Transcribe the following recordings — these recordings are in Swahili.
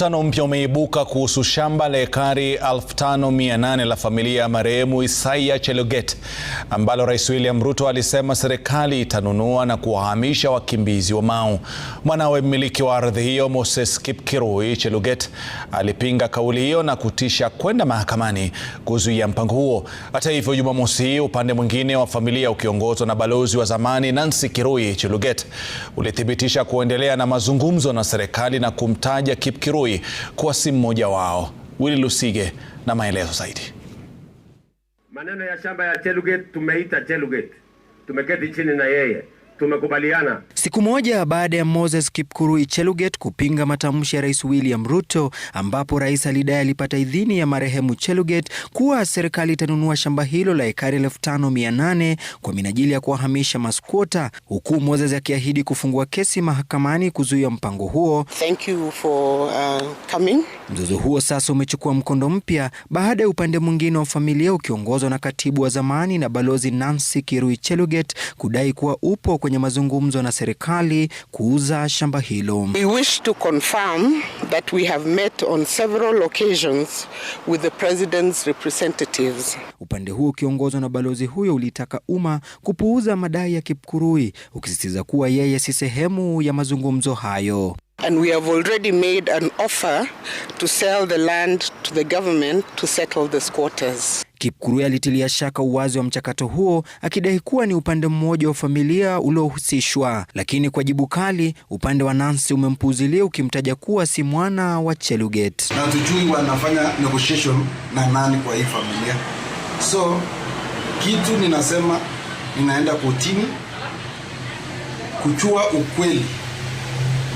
Mvutano mpya umeibuka kuhusu shamba la ekari 5800 la familia ya marehemu Isaia Cheluget ambalo Rais William Ruto alisema serikali itanunua na kuwahamisha wakimbizi wa Mau. Mwanawe mmiliki wa ardhi hiyo Moses Kipkirui Cheluget alipinga kauli hiyo na kutisha kwenda mahakamani kuzuia mpango huo. Hata hivyo, Jumamosi hii upande mwingine wa familia ukiongozwa na balozi wa zamani Nancy Kirui Cheluget ulithibitisha kuendelea na mazungumzo na serikali na kumtaja Kipkirui Malawi kuwa si mmoja wao. Willy Lusige na maelezo zaidi. Maneno ya shamba ya Chelugate tumeita Chelugate, tumeketi chini na yeye tumekubaliana. Siku moja baada ya Moses Kipkuru Cheluget kupinga matamshi ya Rais William Ruto, ambapo Rais alidai alipata idhini ya marehemu Cheluget kuwa serikali itanunua shamba hilo la ekari elfu mia nane kwa minajili ya kuwahamisha maskwota, huku Moses akiahidi kufungua kesi mahakamani kuzuia mpango huo. Thank you for, uh, coming. Mzozo huo sasa umechukua mkondo mpya baada ya upande mwingine wa familia ukiongozwa na katibu wa zamani na balozi Nancy Kirui Cheluget kudai kuwa upo kwenye kwenye mazungumzo na serikali kuuza shamba hilo. We wish to confirm that we have met on several occasions with the president's representatives. Upande huo ukiongozwa na balozi huyo ulitaka umma kupuuza madai ya Kipkurui ukisisitiza kuwa yeye si sehemu ya mazungumzo hayo. And we have already made an offer to sell the land to the government to settle the squatters. Kipkurui alitilia shaka uwazi wa mchakato huo akidai kuwa ni upande mmoja wa familia uliohusishwa, lakini kwa jibu kali upande wa Nancy umempuuzilia ukimtaja kuwa si mwana wa Cheluget. Na tujui wanafanya negotiation na nani kwa hii familia. So kitu ninasema ninaenda kotini kuchua ukweli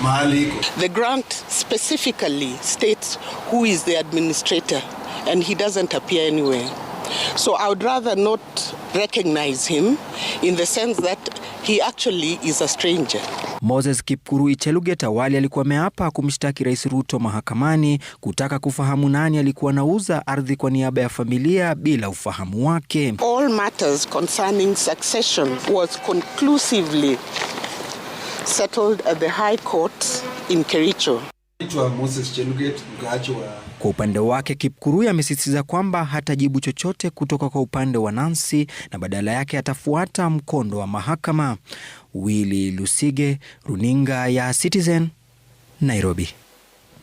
mahali iko. The grant specifically states who is the administrator and he doesn't appear anywhere. So I would rather not recognize him in the sense that he actually is a stranger. Moses Kipkurui Cheluget awali alikuwa ameapa kumshtaki Rais Ruto mahakamani kutaka kufahamu nani alikuwa anauza ardhi kwa niaba ya familia bila ufahamu wake. All matters concerning succession was conclusively settled at the High Court in Kericho. Kwa upande wake Kipkurui amesisitiza kwamba hatajibu chochote kutoka kwa upande wa Nancy na badala yake atafuata mkondo wa mahakama. Willy Lusige, runinga ya Citizen, Nairobi.